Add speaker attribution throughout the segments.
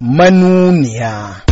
Speaker 1: manuniya.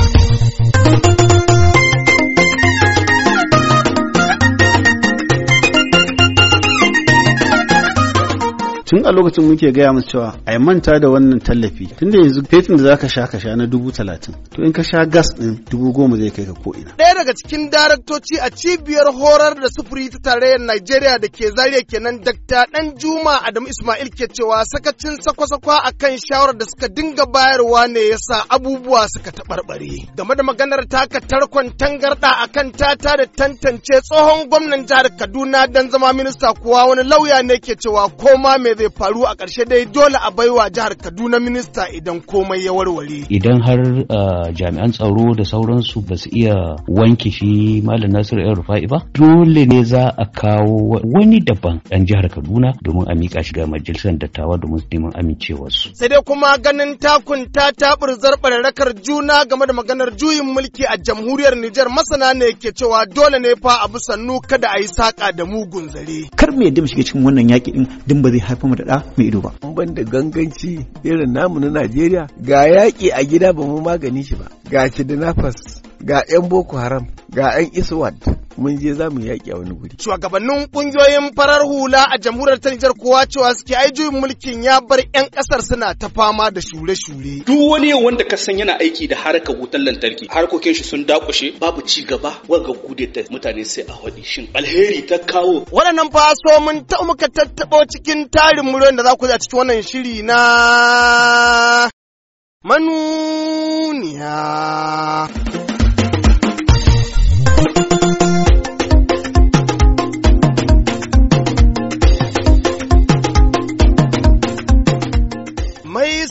Speaker 2: tun a lokacin muke gaya musu cewa a yi manta da wannan tallafi tunda yanzu fetin da zaka sha ka sha na dubu talatin to in ka sha gas din dubu goma zai kai ka ko ɗaya
Speaker 3: daga cikin daraktoci a cibiyar horar da sufuri ta tarayyar Najeriya da ke zariya kenan Dakta Dan Juma Adamu Ismail ke cewa sakacin sakwasakwa sakwa kan shawarar da suka dinga bayarwa ne ya sa abubuwa suka taɓarɓare game da maganar taka tarkon tangarɗa a akan tata da tantance tsohon gwamnan jihar Kaduna dan zama minista kuwa wani lauya ne ke cewa koma mai zai faru a ƙarshe dai dole a baiwa jihar Kaduna minista idan komai ya warware.
Speaker 4: Idan har uh, jami'an tsaro da sauransu ba su iya wanke shi Malam Nasiru El Rufa'i ba, dole ne za a kawo wani daban ɗan jihar Kaduna domin a miƙa shi ga majalisar dattawa domin su neman amincewarsu.
Speaker 3: Sai dai kuma ganin takun ta taɓar zarɓar rakar juna game da maganar juyin mulki a jamhuriyar Nijar masana ne ke cewa dole
Speaker 1: ne fa abu sannu kada a yi saƙa da mugun
Speaker 5: zare. Kar me ya mu shiga cikin wannan yaƙi ɗin din ba zai haifar kuma mu da ɗa mai ido ba.
Speaker 1: Mun ban da ganganci irin namu na Najeriya ga yaƙi a gida ba mu magani shi ba. Ga kidnappers, ga 'yan Boko Haram, ga 'yan Iswad, mun je za mu yaƙi a wani guri.
Speaker 3: Shugabannin ƙungiyoyin farar hula a jamhuriyar ta Nijar kowa cewa suke ai juyin mulkin ya bar 'yan ƙasar suna ta fama da shure-shure.
Speaker 6: Duk wani wanda ka san yana aiki da harkar wutar lantarki harkokin shi sun dakushe babu ci gaba wanga gude ta mutane sai a haɗi shin alheri ta kawo. Waɗannan fa so mun ta muka tattaɓo cikin
Speaker 3: tarin muryoyin da za ku a cikin wannan shiri na manuniya.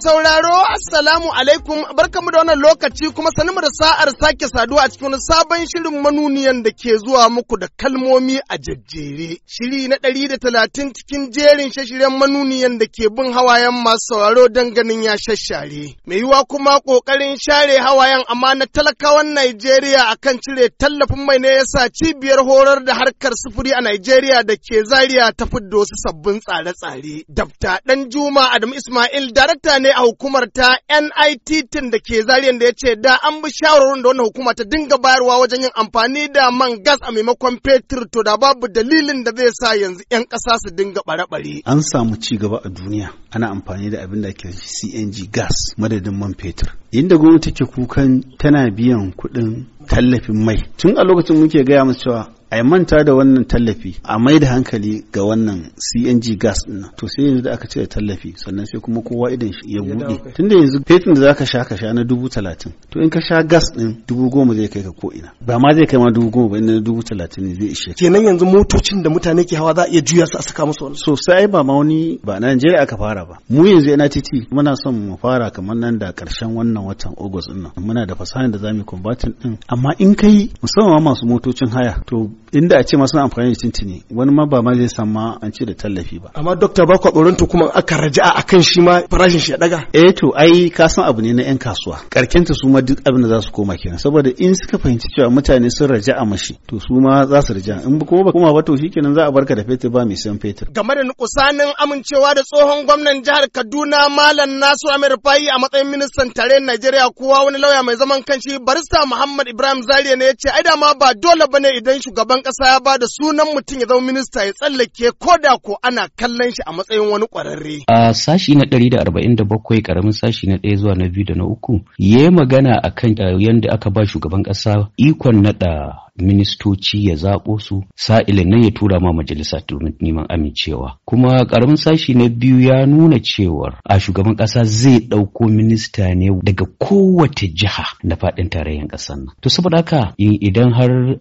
Speaker 3: sauraro assalamu alaikum barkamu da wannan lokaci kuma sanmu da sa'ar sake saduwa a cikin sabon shirin manuniyan da ke zuwa muku da kalmomi a jajjere. Shiri na ɗari da talatin cikin jerin shashiren manuniyan da ke bin hawayen masu sauraro don ganin ya shashare. Mai yiwa kuma ƙoƙarin share hawayen amma na talakawan Najeriya akan cire tallafin mai ne yasa cibiyar horar da harkar sufuri a Najeriya da ke Zariya ta fiddo su sabbin tsare-tsare. Dabta Ɗan Juma Adamu Ismail darakta ne a hukumar ta ta tin da ke zariyan da ya ce da an bi shawarwarin da wannan hukuma ta dinga bayarwa wajen yin amfani da man gas a maimakon fetur to da babu dalilin da zai sa yanzu 'yan ƙasa su dinga bare-bare.
Speaker 2: An samu ci gaba a duniya ana amfani da abin da ke CNG gas madadin man fetur. Inda gwamnati take kukan tana biyan kuɗin tallafin mai. Tun a lokacin muke gaya musu cewa a manta da wannan tallafi a mai da hankali ga wannan CNG gas din to sai yanzu da aka cire tallafi sannan sai kuma kowa idan ya buɗe tunda yanzu fetin da za ka sha ka sha na dubu talatin to in ka sha gas din dubu goma zai kai ka ko ina ba ma zai kai ma dubu goma ba na dubu talatin ne zai ishe kenan yanzu motocin da mutane ke hawa za a iya juya su a saka musu wani sosai ba ma wani ba na Najeriya aka fara ba mu yanzu yana titi muna son mu fara kamar nan da karshen wannan watan August din muna da fasahar da zamu yi kumbatin din amma in kai musamman masu motocin haya to inda a ce masu amfani da tintini wani ma ba ma zai ma an ce da tallafi ba amma dokta ba ku tsoron kuma aka raja a kan shi ma farashin shi ya daga eh to ai ka san abu ne na yan kasuwa karkenta su ma duk abin da za su koma kenan saboda in suka fahimci cewa mutane sun raja a mashi to su ma za su raja in ba kuma ba kuma ba to shikenan za a barka da fetur ba mai san fetur
Speaker 3: game da nukusanin amincewa da tsohon gwamnan jihar Kaduna Malam nasu Amir Fayi a matsayin ministan tare Najeriya kowa wani lauya mai zaman kanshi barista Muhammad Ibrahim Zariya ne ya ce ai da ma ba dole bane idan shugaban shugaban ƙasa ya ba da sunan mutum ya zama minista ya tsallake ko da ko ana kallon shi a matsayin wani ƙwararre.
Speaker 4: A sashi na ɗari da arba'in da bakwai ƙaramin sashi na ɗaya zuwa na biyu da na uku ya magana akan uh, yadda aka ba shugaban ƙasa ikon naɗa ministoci ya zaɓo su sa'ilin nan ya tura ma majalisa domin neman amincewa kuma karamin sashi na biyu ya nuna cewar a shugaban ƙasa zai ɗauko minista ne daga kowace jiha na faɗin tarayyar ƙasar nan to saboda haka idan har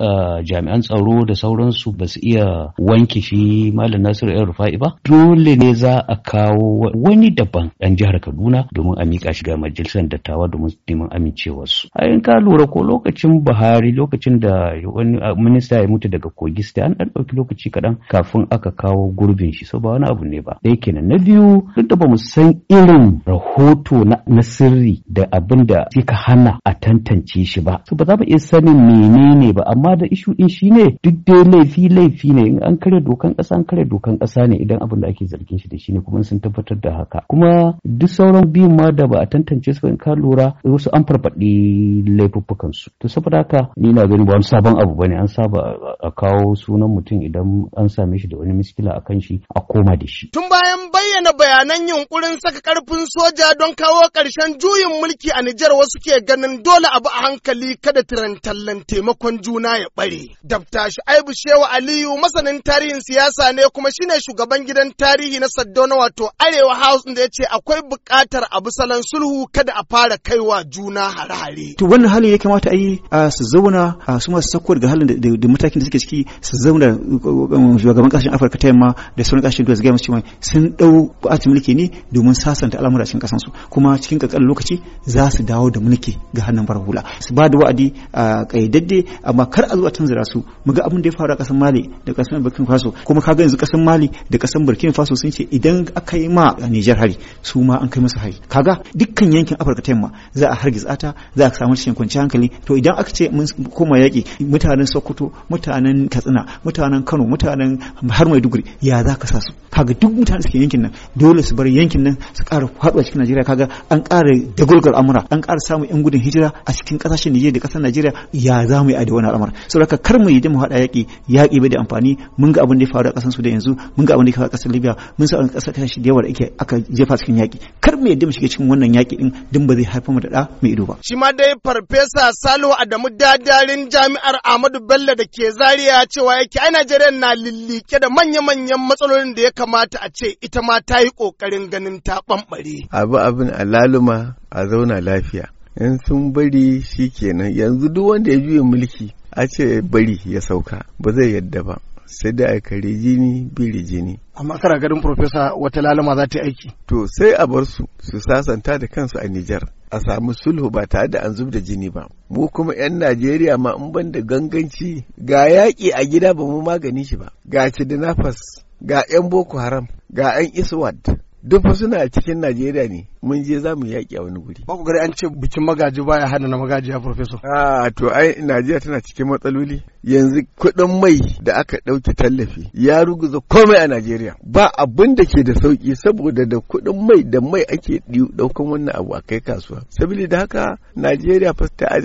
Speaker 4: jami'an tsaro da sauransu ba su iya wanke shi malam nasiru yan rufa'i ba dole ne za a kawo wani daban ɗan jihar kaduna domin a miƙa shiga majalisar dattawa domin neman amincewarsu a in ka lura ko lokacin buhari lokacin da rayu wani minista ya mutu daga kogi an ɗan ɗauki lokaci kaɗan kafin aka kawo gurbin shi so ba wani abu ne ba ɗaya kenan na biyu duk da bamu san irin rahoto na sirri da abin da suka hana a tantance shi ba so ba za mu iya sanin menene ba amma da ishu din shi ne duk dai laifi laifi ne in an karya dokan ƙasa an karya dokan ƙasa ne idan abin da ake zargin shi da shi ne kuma sun tabbatar da haka kuma duk sauran biyun ma da ba a tantance su in ka lura wasu an farfaɗi laifuffukan su to saboda haka ni na gani ba wani sabon wannan abu bane an saba a kawo sunan mutum idan an same shi da wani miskila a kan shi a koma da shi. Tun
Speaker 3: bayan bayyana bayanan yunkurin saka karfin soja don kawo ƙarshen juyin mulki a Nijar wasu ke ganin dole abu a hankali kada tirantallan taimakon juna ya bare Dabta shi Aibu Shehu Aliyu masanin tarihin siyasa ne kuma shine shugaban gidan tarihi na Saddona wato Arewa House da ya ce akwai buƙatar abu salon sulhu kada a fara kaiwa juna hare-hare.
Speaker 5: To wannan hali ya kamata a yi su zauna su masu ko ga halin da matakin da suke ciki su zauna um, shugaban kasashen afirka ta yamma da sauran kasashen duniya su gaya musu cewa sun dau ba'atin mulki ne domin sasanta al'amura cikin kasansu kuma cikin kankanin lokaci za su dawo da mulki ga hannun farar hula su ba da wa'adi a kayyadadde amma kar a zo a su su ga abin da ya faru a kasar mali da kasar burkina faso kuma kaga yanzu kasar mali da kasar burkina faso sun ce idan aka yi ma nijar hari su ma an kai musu hari kaga dukkan yankin afirka ta yamma za a hargitsa ta za a samu cikin kwanciyar hankali to idan aka ce mun koma yaƙi mutanen sokoto mutanen katsina mutanen kano mutanen har maiduguri ya za ka sa su kaga duk mutane suke yankin nan dole su bar yankin nan su ƙara faɗuwa cikin najeriya kaga an ƙara dagulgar amura an ƙara samun yan gudun hijira a cikin ƙasashen nijar da ƙasar najeriya ya za mu yi a wani al'amar saboda kar mu yi da mu haɗa yaƙi yaƙi bai da amfani mun ga abin da ya faru a ƙasar su da yanzu mun ga abin da ya faru a ƙasar libya mun sa ƙasar shi da yawa da ake aka jefa cikin yaƙi kar mu yadda mu shiga cikin wannan yaƙi din din ba zai haifar mu da ɗa mai ido ba shi ma dai farfesa salo adamu dadarin
Speaker 3: jami'ar Ahmadu Bello da ke zariya cewa yake ai Najeriya na lillike da manya-manyan matsalolin da ya kamata a ce ita ma ta yi ƙoƙarin ganin ta ɓamɓare.
Speaker 1: Abu abin alaluma a zauna lafiya. In sun bari shi kenan yanzu duk wanda ya juya mulki a ce bari ya sauka ba zai yadda ba. sai da a kare jini biri jini amma kana ganin profesa wata lalama za ta yi aiki to sai a bar su su sasanta da kansu a Nijar a samu sulhu ba tare da an zub da jini ba mu kuma 'yan Najeriya ma in ban da ganganci ga yaƙi a gida ba mu magani shi ba ga Cidinafas, ga 'yan Boko Haram ga 'yan Iswad duk suna cikin Najeriya ne mun je za mu yaƙi a wani guri. Ba ku gari an ce bikin magaji baya hana na magaji ya professor. Ah to ai Najeriya tana cikin matsaloli yanzu kuɗin mai da aka ɗauki tallafi ya ruguza komai a Najeriya ba abin da ke da sauki saboda da kuɗin mai da mai ake ɗaukan wannan abu a kai kasuwa. Sabili da haka Najeriya fa ta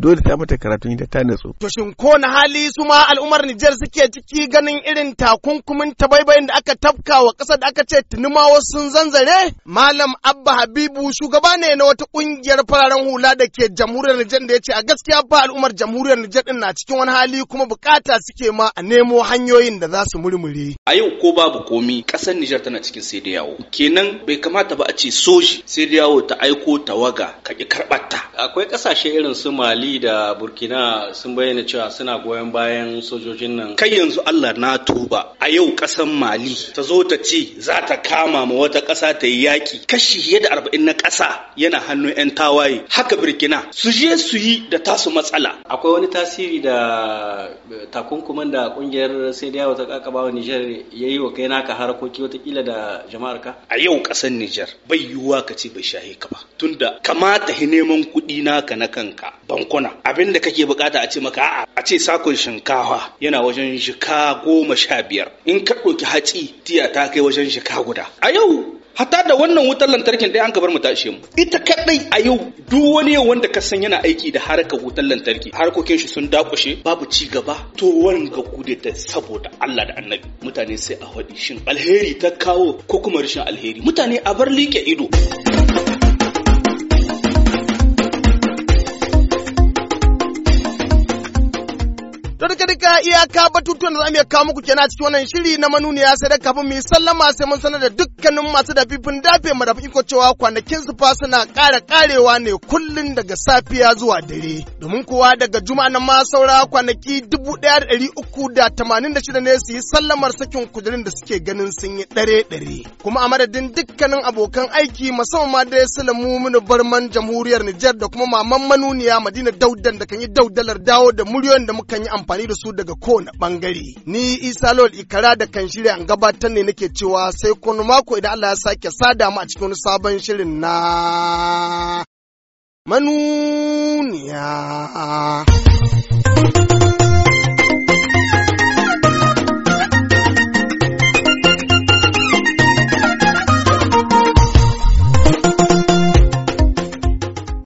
Speaker 1: dole ta mata karatun ita ta natsu. To
Speaker 3: shin ko na hali su ma al'ummar Nijar suke ciki ganin irin takunkumin tabaibayin da aka tafka wa ƙasar da aka ce tunumawa sun zanzare? Malam Abba Abba Habibu shugaba ne na wata kungiyar fararen hula da ke jamhuriyar Nijar da ya ce a gaskiya ba al'ummar jamhuriyar Nijar din na cikin wani hali kuma bukata suke ma a nemo hanyoyin da za su murmure.
Speaker 6: A yau ko babu komi ƙasar Nijar tana cikin sai da yawo. Kenan bai kamata ba a ce soji sai da yawo ta aiko tawaga ka ki karɓarta. Akwai ƙasashe irin su Mali da Burkina sun bayyana cewa suna goyon bayan sojojin nan. Kai yanzu Allah na tuba a yau ƙasar Mali ta zo ta ce za ta kama ma wata ƙasa ta yi yaƙi kashi fiye da arba'in na ƙasa yana hannun 'yan tawaye haka birkina su je su yi da tasu matsala akwai wani tasiri da eh, takunkuman da kungiyar sai da yawa ta kakaba nijar ya yi wa kai naka harkoki watakila da jama'ar ka a yau ƙasar nijar bai yiwuwa ka ce bai shahe ka ba tunda kamata hi neman kuɗi naka na kanka bankuna abin da kake bukata a ce maka a'a a ce sakon shinkafa yana wajen shika goma sha biyar in ka ɗauki hatsi tiya ta kai wajen shika guda a yau Hata da wannan wutar lantarkin ɗaya an ka bar mu tashi mu ita kaɗai a yau duk wani yau wanda ka san yana aiki da harkar wutar lantarki harkokin shi sun dakushe babu ci gaba to wannan ga gude ta saboda Allah da Annabi mutane sai a haɗi shin alheri ta kawo ko kuma rashin alheri mutane a bar like ido
Speaker 3: To duka iyaka batutuwan da za mu iya kawo muku kenan cikin wannan shiri na manuniya sai da kafin mu sallama sai mun sanar da dukkanin masu da fifin dafe mu da iko cewa kwanakin su fa suna ƙara ƙarewa ne kullun daga safiya zuwa dare. Domin kuwa daga juma'a nan ma saura kwanaki dubu ɗaya da ɗari uku da tamanin da shida ne su yi sallamar sakin kujerin da suke ganin sun yi ɗare ɗare. Kuma a madadin dukkanin abokan aiki musamman ma dai Sulamu bar Barman Jamhuriyar Nijar da kuma maman manuniya Madina Daudan da kan yi daudalar dawo da muryoyin da mukan yi amfani amfani da su daga kowane bangare. Ni Isa Lawal Ikara da kan shirya an gabatar ne nake cewa sai kun mako idan Allah ya sake sada mu a cikin wani sabon shirin na manuniya.